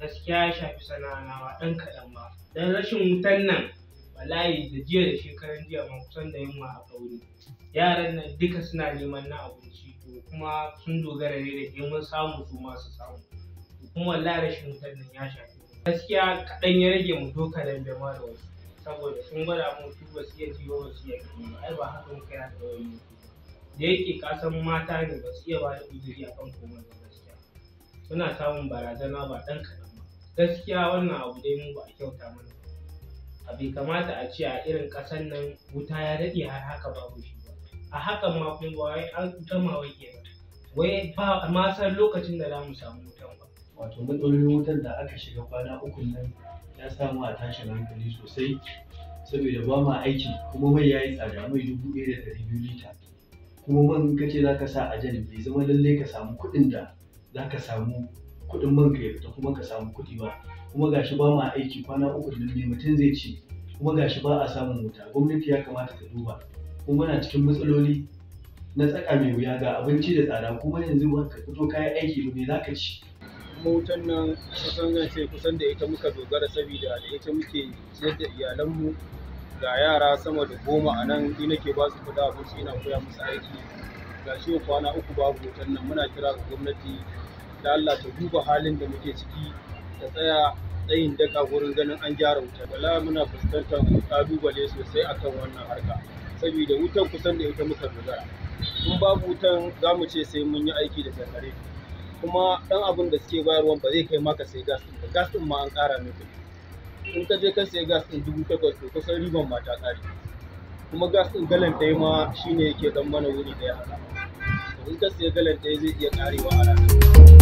gaskiya ya shafi sana'anawa ɗan kaɗan ba don rashin wutan nan bala'i da jiya da shekaran jiya ma kusan da yamma a kauri yaran nan duka suna neman na abinci to kuma sun dogara ne da neman samu su ma su samu kuma wallahi rashin wutan nan ya shafi gaskiya kaɗan ya rage mu doka da bema da wasu saboda sun gwada mu su ba su iya ba su kuma ai ba haka muka yana da wani da yake kasan mata ne ba su iya ba da uzuri kan komai ba Suna samun barazana ba ɗan kaɗan ba gaskiya wannan abu dai mu ba a kyauta mana a bai kamata a ce a irin ƙasar nan wuta ya daɗe har haka babu shi ba a hakan ma kun ba wai an gama wai kenan wai ba ma san lokacin da za mu samu wutan ba wato matsalolin wutan da aka shiga kwana uku nan ya samu a tashin hankali sosai saboda ba ma aiki kuma mai ya yi tsada mai dubu ɗaya da ɗari biyu lita kuma man ka za ka sa a jan bai zama lallai ka samu kuɗin da za ka samu kuɗin man ka fita kuma ka samu kuɗi ba kuma gashi ba ma aiki kwana uku da lalle mutum zai ci kuma gashi ba a samun wuta gwamnati ya kamata ta duba kuma muna cikin matsaloli na tsaka mai wuya ga abinci da tsada kuma yanzu ba ka fito kayan aiki ba me za ka ci kuma wutan nan kusan nan ce kusan da ita muka dogara saboda da ita muke ciyar da iyalanmu ga yara sama da goma a nan ni nake ba su kuɗa abinci ina koya musu aiki ga shi kwana uku babu wutan nan muna kira ga gwamnati da Allah ta duba halin da muke ciki ta tsaya tsayin daka wurin ganin an gyara wuta Bala muna fuskantar kalubale sosai akan wannan harka saboda wutan kusan da ita muka dogara in babu wutan za mu ce sai mun yi aiki da sarkare kuma dan abin da suke bayarwa ba zai kai maka sai gas ɗin gas ɗin ma an ƙara mai kuɗi in ka je ka sai gas ɗin dubu takwas to kusan riban ma ta ƙare kuma gas ɗin galan ɗaya ma shine yake dan mana wuri ɗaya haka in ka sai galan ɗaya zai iya ƙarewa a rana.